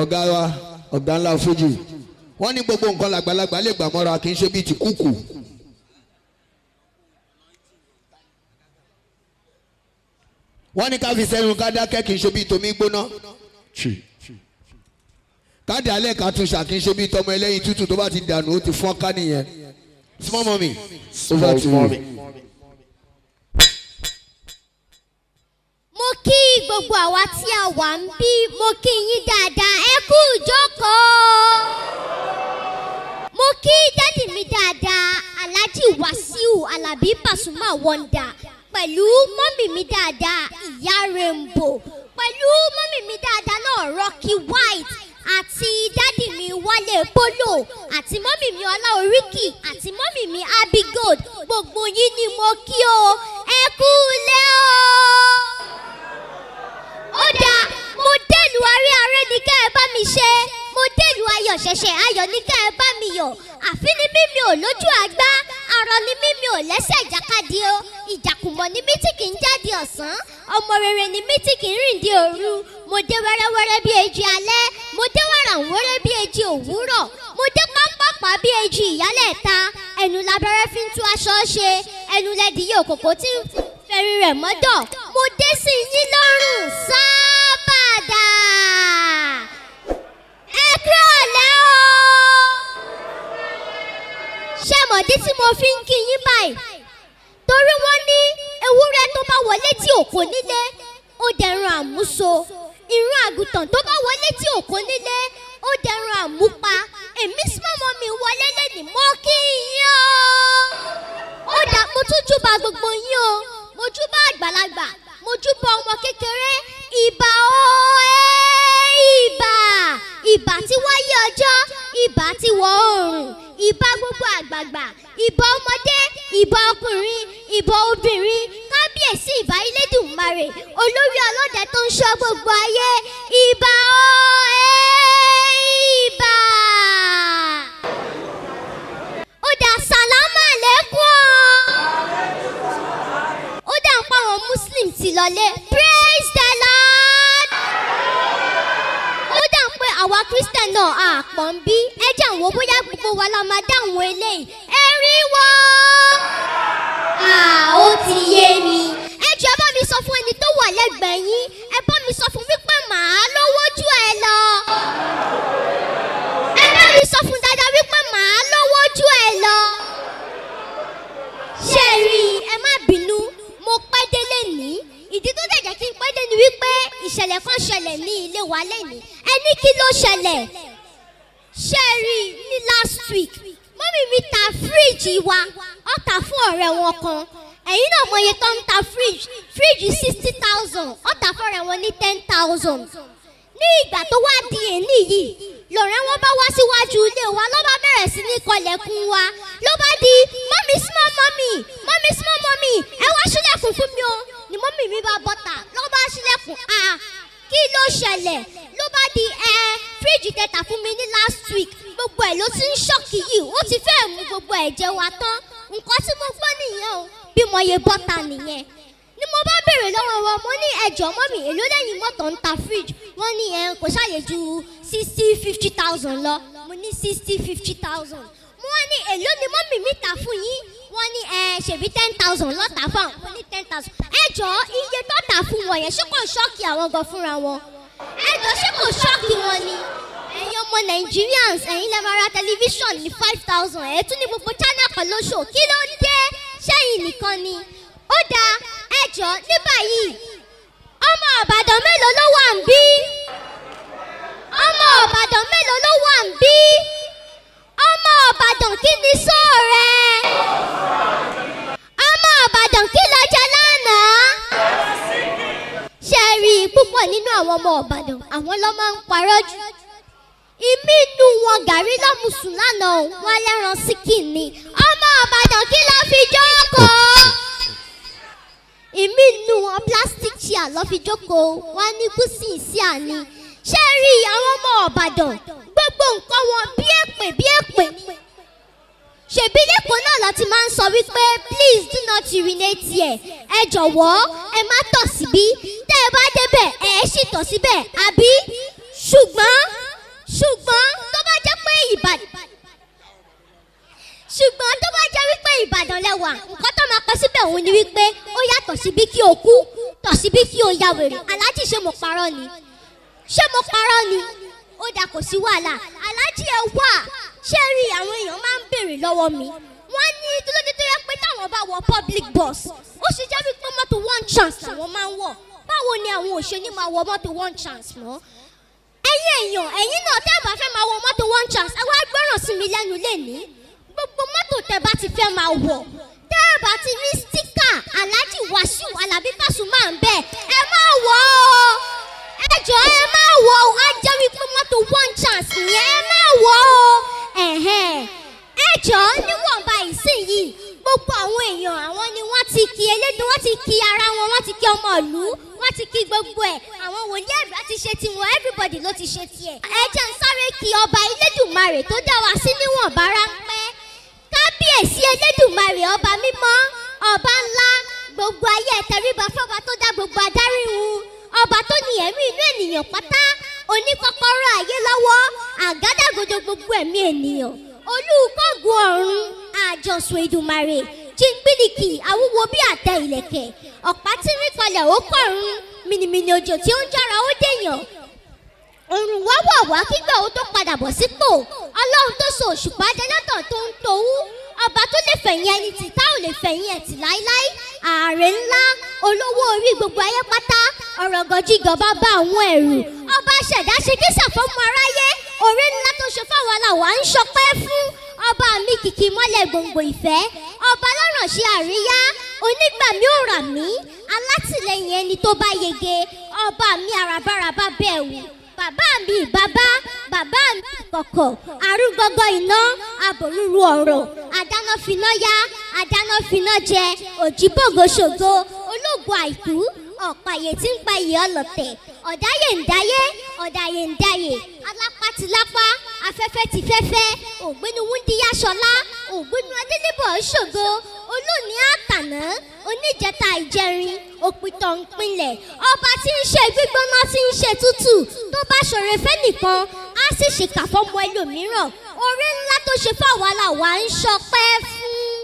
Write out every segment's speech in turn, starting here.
ọ̀gá wa ọ̀gá ńlá fújì wọ́n ní gbogbo nǹkan làgbàlagbà lè gbà mọ́ra kì í ṣe bíi ti kúkù. wọ́n ní ká fi sẹ́yìn ká dákẹ́ kì í ṣe bíi tòmí gbóná. káàdì alẹ́ ká tún ṣà kì í ṣe bíi tọmọ ẹlẹ́yin tútù tó bá ti dànù ó ti fọ́n ká nìyẹn. small mommy over to gbogbo àwa tí a wà ń bí mo kí yín dáadáa ẹ kú ìjókòó. mo kí dádì mi dáadáa alhaji wasiu alabi pasuma wonder pẹ̀lú mọ́mì mi dáadáa ìyá rainbow pẹ̀lú mọ́mì mi dáadáa náà rocky white àti dádì mi wálé polo àti mọ́mì mi ọlá oríkì àti mọ́mì mi abigold gbogbo yín ni mo kí o ẹ kú lé o ó mo délùú arí aré ni kẹ́ ẹ bá mi ṣe mo délùú ayọ̀ ṣẹ̀ṣẹ̀ ayọ̀ ni kẹ́ ẹ bá mi yọ̀ àfi ni mí mi ò lójú àgbá arọ ni mí mi ò lẹ́sẹ̀ ìjàkadì o ìjàkùmọ̀ ni mí tí kì í jáde ọ̀sán ọmọ rere ni mí tí kì í rìn dé òru mo dé wẹ́rẹ́wẹ́rẹ́ bí ejì alẹ́ mo dé wàràǹwẹ́rẹ́ bí ejì òwúrọ̀ mo dé pápápá bí ejì ìyálẹ̀ta ẹnu labẹ́rẹ́ fi ń tú aṣọ ṣe ẹnu lẹ́dìí òkòkò tí ń fẹ́rí rẹ̀ mọ́dọ̀ mo dé sí mo fi ń kí yín báyìí torí wọ́n ní ewúrẹ́ tó bá wọlé tí òkò nílé ó dẹ̀rùn àmúso ìran àgùntàn tó bá wọlé tí òkò nílé ó dẹ̀rùn àmúpa èmi sọ́mọ mi wọlé lẹ́nìí mọ́ kí yín o ó dà mo tún júbà gbogbo yín o mo júbà àgbàlagbà mo júbà ọmọ kékeré ìbà ooo eh, ìbà ìbà tí wáyé ọjọ́ ìbà tí wọ̀ oòrùn ìbọn gbogbo àgbààgbà ìbọn ọmọdé ìbọn ọkùnrin ìbọn obìnrin kábíyèsí ìbá ilédùnmarè olórí ọlọ́dẹ tó ń ṣọ́ gbogbo ayé ìbà ó. bẹ́ẹ̀ náà àpọ̀ ń bí ẹ jẹ́ àwọn bóyá gbogbo wa la máa dáhùn eléyìí ẹ rí wọn. à ó ti yé mi. ẹ jọ̀ọ́ ẹ bá mi sọ fún ẹni tó wà lẹ́gbẹ̀ẹ́ yín ẹ bá mi sọ fún wípé màá lówó ju ẹ lọ. ẹ bá mi sọ fún dáadáa wípé màá lówó ju ẹ lọ. ṣé rí ẹ má bínú mo pẹ́ délé ní ìdí tó dẹ̀ jẹ́ kí n pẹ́ dé ni wípé ìṣẹ̀lẹ̀ kan ṣẹlẹ̀ ní ilé wa lẹ́yìn ní kí ló ṣẹlẹ̀ ṣe rí i ní last week mọ́mí mi ta fíríjì wa ó tà fún ọ̀rẹ́ wọn kan ẹ̀yin náà mọ iye tó ń ta fíríjì fíríjì sixty thousand ó tà fún ọ̀rẹ́ wọn ní ten thousand ní ìgbà tó wá di èní yìí lọ́rẹ́ wọn bá wá síwájú ilé wa ló bá bẹ̀rẹ̀ sí ní kọlẹ̀kùn wa ló bá di mọ́mí small mọ́mí mọ́mí small mọ́mí ẹ wá sílẹ̀kùn fún mi o ni mọ́mí mi bá bọ́ta ló bá sílẹ̀kùn a ah, kí ló ṣẹlẹ̀ bíi ẹ fíríjì tẹ́tà fún mi ní last week gbogbo ẹ̀ ló ti ń ṣọ́ọ̀kì yìí ó ti fẹ́ẹ̀ mú gbogbo ẹ̀jẹ̀ wa tán nǹkan tí mo gbọ́ nìyẹn o bí mo yẹ bọ́ta nìyẹn ni mo bá béèrè lọ́wọ́ wọn mo ní ẹjọ́ mọ́mì èló lẹ́yìn mọ́tò ń ta fridge wọ́n ní ẹ kò ṣàyè ju sixty fifty thousand lọ mo ní sixty fifty thousand mo wá ní èló ni mọ́mì mi tà fún yín wọ́n ní ẹ ṣèbí ten thousand lọ́tà fún àwọn mo ní ten thousand ẹjọ́ iye tó tà fún wọn yẹn ṣé kò ṣọ́ọ̀kì àwọn gan fúnra wọn ẹ jọ ṣé kò ṣọ́ọ̀kì wọn ni ẹ̀yin ọmọ Nigerians ẹ̀yin lè máa ra tẹlifíṣàn ní five thousand ẹ̀ tún ní gbogbo channel kan lóṣù kí ló dé ṣẹ́yìn nìkan ni ó dáa ẹ jọ ní báyìí ọmọ Ìbàdàn mélòó ló wà ń bí ọmọ Ìbàdàn mélòó ló wà ń bí ọmọ Ìbàdàn kí ni sọ́ọ̀rẹ́ ọmọ Ìbàdàn kí nínú àwọn ọmọ ọ̀bàdàn àwọn ló máa ń parọ́ jù ìmí inú wọn gàrí lámùsùn lánàá wọn lẹ́ran síkì ni ọmọ ọ̀bàdàn kí ló fi jókòó ìmí inú wọn plastic chair ló fi jókòó wọn ní gúúsì sí àní ṣé rí àwọn ọmọ ọ̀bàdàn gbogbo nǹkan wọn bí èpè bí èpè ṣèbí lẹ́kọ̀ọ́ náà láti máa ń sọ wípé please do not urinate here ẹ jọ̀wọ́ ẹ má tọ̀ síbí tẹ́ bá débẹ̀ ẹ̀ sì tọ̀ síbẹ̀ àbí ṣùgbọ́n ṣùgbọ́n tó bá jẹ́ pé ìbàdàn ṣùgbọ́n tó bá jẹ́ wípé ìbàdàn lẹ́wà nǹkan tó máa kọ síbẹ̀ òun ni wípé ó yàtọ̀ síbí kí o kú tọ̀ síbí kí o ya wèrè aláàjì ṣé mo parọ́ ni ṣé mo parọ́ ni ó dà kò sí wàhálà aláàjì ẹ wà ṣé rí àwọn èèyàn máa ń béèrè lọ́wọ́ mi wọ́n ní tó lójú yẹ pé táwọn bá wọ public bus ó sì jẹ́ wípé mọ́tò one chance làwọn máa ń wọ̀ báwo ni àwọn òṣè ní máa wọ mọ́tò one chance mọ́ ẹ̀yin èèyàn ẹ̀yin náà tẹ́ ẹ bá fẹ́ máa wọ mọ́tò one chance ẹ wá gbọ́ràn sí mi lẹ́nu lẹ́ni gbogbo mọ́tò tẹ́ bá ti fẹ́ máa wọ̀ tẹ́ ẹ bá ti rí stíkà aláàjì wàṣíù alábí Pasuma ń bẹ̀ ẹ má wọ̀ ọ́ ẹ jọ̀ọ́ ẹ má wọ̀ ọ́ á jẹ́ wípé mọ́tò one chance yẹn ẹ má wọ̀ ọ́ ẹ jọ̀ọ́ níwọ̀nba ìsinyìí gbogbo àwọn èèyàn àwọn ti kí elédùn wọ́n ti kí ara wọn wọ́n ti kí ọmọ ìlú wọ́n ti kí gbogbo ẹ̀ àwọn wòlíì ẹ̀dùn ti ṣe tiwọn everybody ló ti ṣe tiẹ̀. ẹ jẹ́ ń sáré kí ọba elédùnmarè tó dá wa sí níwọ̀nba ráńpẹ́ kábíyèsí elédùnmarè ọba mímọ́ ọba ńlá gbogbo ayé ẹ̀tẹ̀ríba fọba tó dá gbogbo adáríhun ọba tó ní ẹ̀mí inú ènìyàn pátá oníkọ́kọ́rọ́ ayé lọ́wọ́ àgádágodo gbogbo ẹ̀mí ènìyàn olùkọ́gun ọ̀run àjọsùn Èdùmàrè jíǹgbìlìkì awúwo bí àtẹ ìlẹ̀kẹ̀ ọ̀pá tí ń rí kalẹ̀ ó kọ̀run mìnìmìnì òjò tí ó ń jára ó dèèyàn òrùn wá wọ̀ wá kígbà ó tó padà bọ̀ sípò ọlọ́run tó so òṣùpá jẹ́nátàn tó ń towú ọba tó lè fẹ̀yìn ẹni tì tá ò lè fẹ̀yìn ẹ̀ tì láíláí ààrẹ ńlá olówó orí gbogbo ayé pátá ọ̀rọ̀ gọ̀jígọba bá àwọn ẹ̀rù ọba ṣẹ̀dá ṣe kí sàfọ́mọ aráyé orí ńlá tó ṣe fáwọn aláwa ń ṣọpẹ́ fún ọba mi kìkì mọ́lẹ̀ gbòǹgbò ìfẹ́ ọba lọ́rànṣẹ́ àríyá onígbà mi ò rà mí alátìlẹyìn ẹni tó bá yege ọba mi àràbàràbà bẹ́ẹ̀ wù bàbá mi bàbá bàbá mi kọ̀kọ̀ arúgbọ́gbọ́ iná abòrúru ọ̀rọ̀ àdáná finá yá àdáná finá jẹ òjìbògo ṣògo ológun àìkú ọ̀pàyè tí ń pa ìyá ọlọ̀tẹ̀ ọ̀dáyè ń dáyé ọ̀dáyè ń dáyè alápá ti lápá afẹ́fẹ́ ti fẹ́fẹ́ ògbénu wúndíyá ṣọlá ògbénu adélébọ̀ ṣògo olóòní àtàná oníjẹta ìjẹrin òpìtàn ìpínlẹ̀ ọba tí ń ṣe gbígbóná tí ń ṣe tútù tó bá ṣòro fẹ́nìkan á sì ṣèkà fọ́mọ ẹlòmíràn oore ńlá tó ṣe fáwọn aláwa ń ṣọpẹ́ fún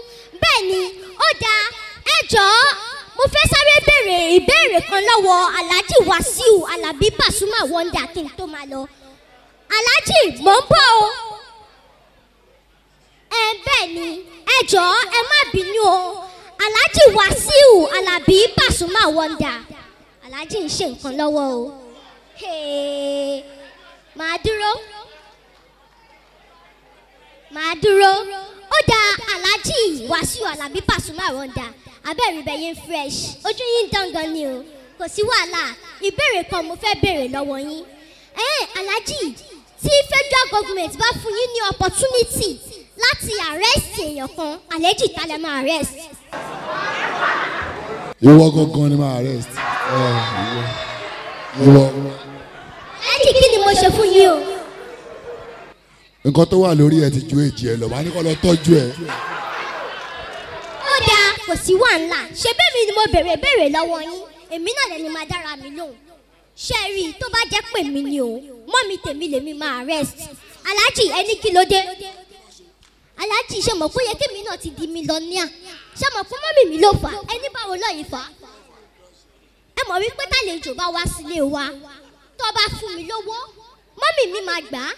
bẹ́ẹ̀ ni ó dáa ẹ mo fẹ́ sáré béèrè ìbéèrè kan lọ́wọ́ alhaji wasiu alabi pasuma wonder kí n tó máa lọ alhaji mò ń bọ̀ o ẹ bẹ́ẹ̀ ni ẹ jọ̀ọ́ ẹ má bínú o alhaji wasiu alabi pasuma wonder alhaji ń ṣe nǹkan lọ́wọ́ o màá dúró màá dúró ó da alhaji wasiu alabi pasuma wonder abẹ́rì bẹ̀ yín fresh ojú yín dangan ni o kò sí wàhálà ìbéèrè kan mo fẹ́ béèrè lọ́wọ́ yín. ẹ̀ẹ́n aláàjì tí federal government bá fún yín ní opportunity láti arrest èèyàn kan àlẹ́jì ta lẹ máa arrest. ìwọ gangan ni máa arrest ìwọ. ẹ̀ẹ́dì kí ni mo ṣe fún yín o. nǹkan tó wà lórí ẹ ti ju èjì ẹ lọ wà á ní kó lọ tọ́jú ẹ kò sí wàhálà ṣe bẹ́ẹ̀ mi ni mo béèrè béèrè lọ́wọ́ yín èmi náà lẹni máa dára mi lóhùn ṣe rí i tó bá jẹ́ pé mi ni o mọ́ mi tèmi lèmi máa arrest aláàjì ẹni kí ló dé aláàjì ṣe mọ̀ pé yẹ kí mi náà ti di mílíọ̀nìà ṣe mọ̀ pé mọ́mì mi ló fà á ẹni báwo lọ́yìn fà á ẹ mọ̀ wípé tàlejò bá wá sílé wa tó bá fún mi lówó mọ́mì mi máa gbà á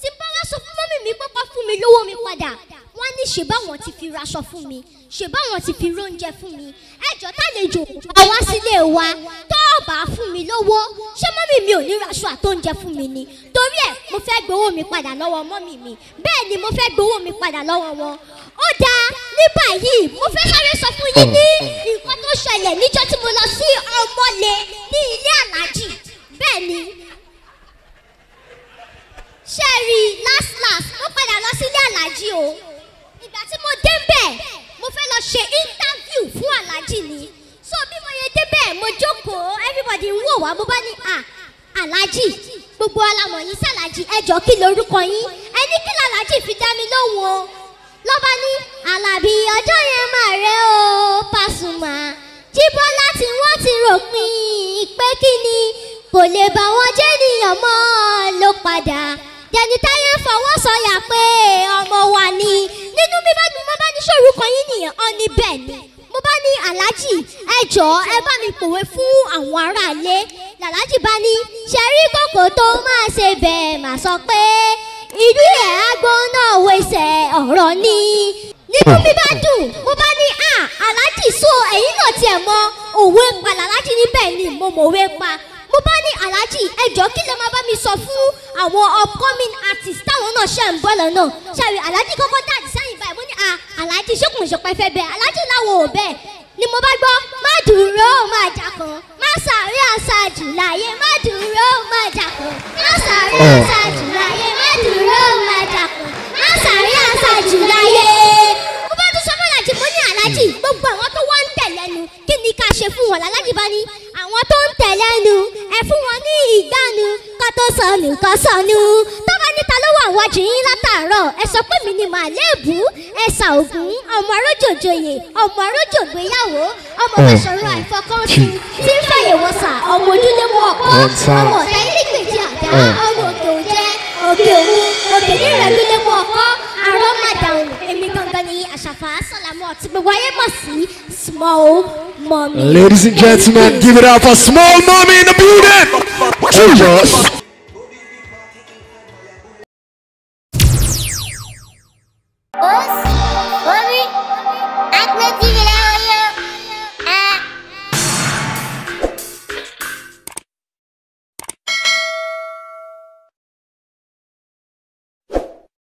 tí bá wá sọ fún mọ́mì mi pé kó fún mi lówó mi padà wọ́n á ní ṣe báwọn ti fi raṣọ fún mi ṣèbáwọn ti fi róúnjẹ fún mi ẹjọ́ tálejò àwa sílé wa tó o bá fún mi lówó ṣé mọ́mì mi ò ní raṣọ àtóúnjẹ fún mi ni torí ẹ̀ mo fẹ́ gbowó mi padà lọ́wọ́ mọ́mì mi bẹ́ẹ̀ ni mo fẹ́ gbowó mi padà lọ́wọ́ wọn ó dáa ní báyìí mo fẹ́ sáré sọ fún yín ní nǹkan tó ṣẹlẹ̀ níjọ́ tí mo lọ sí ọmọlé ní ilé aláàjì bẹ́ẹ̀ ni ṣe rí last last mo padà lọ sílé aláàjì o ìgbà tí mo dé ń bẹ̀ fẹ́ lọ ṣe interview fún aláàjì ni so bí mo yẹ débẹ̀ mo jókòó everybody ń wò wá mo bá ní à ah, aláàjì gbogbo alamọ̀ yín sàlájì ẹjọ́ kí lorúkọ yín ẹni kí làlájì fi dá mi lóhùn o lọ́ba ní alábí ọjọ́ yẹn máa rẹ o Pasuma jíbọ́ láti wọ́n ti ròpin pé kí ni kò lè bá wọn jẹ́ nìyàn mọ́ ló padà. Dẹ̀nìtáyé fọwọ́ sọ̀yà pé ọmọ wa ni nínú bí mo bá ní ṣòro kan yín nìyẹn ọ ní bẹ́ẹ̀ ni mo bá ní aláàjì ẹ jọ̀ọ́ ẹ bá mi pòwe fún àwọn aráalé làlájì bá ní ṣe rí kòkó tó máa ṣe bẹ́ẹ̀ mà sọ pé ìlú ẹ̀ agbóná wẹsẹ̀ ọ̀rọ̀ ni nínú mi bá dùn mo bá ní à aláàjì so ẹ̀yin náà tiẹ̀ mọ òwe pa làlájì níbẹ̀ ni mo mọ̀wé pa mo bá ní aláàjì ẹjọ́ kí lè máa bá mi sọ fún àwọn upcoming artist táwọn náà ṣe ń bọ̀ lọ́nà ṣàrí aláàjì kọ́kọ́ dáàdì sẹ́yìn báyìí mo ní aláàjì ṣókùn ìṣọ̀pẹ́ fẹ́ bẹ́ẹ̀ aláàjì láwọn ò bẹ́ẹ̀ ni mo bá gbọ́ má dúró má jà kan má sàárẹ̀ àṣàjù láyé má dúró má jà kan má sàárẹ̀ àṣàjù láyé má dúró má jà kan má sàárẹ̀ àṣàjù láyé. mo bá tún sọ fún aláàjì mo ní aláàjì gbogbo àwọn tó wọ́n ń tẹ̀lẹ́nu kí ni ká ṣe fún wọn aláàjì bá ní àwọn tó ń tẹ̀lẹ́nu fún wọn ní ìgbàanu ká tó sọnù ká sọnù tó bá níta ló wà wájú yín látàárọ̀ ẹ sọ pé mi ni màá léèbù ẹ ṣà ògún ọmọ arójòjòyè ọmọ arójògbéyàwó ọmọ aṣọrun àìfọkànsí tí ń fàyè wọ sà ọmọ ojúlé mọ ọkọ ọmọ ọ̀tá ilé ìgbèjì àdá ọmọ òkè òjẹ òkè òwú òkè ní ìrẹ́lúlé mọ ọkọ àrọ́ màdàun èmi gangan ni àṣàfà sọ̀làmọ́ ọ̀tí gbogbo ayé mọ̀ sí small mommy. Ladies and gentlemen, give it up for small mommy in the building. Jesus.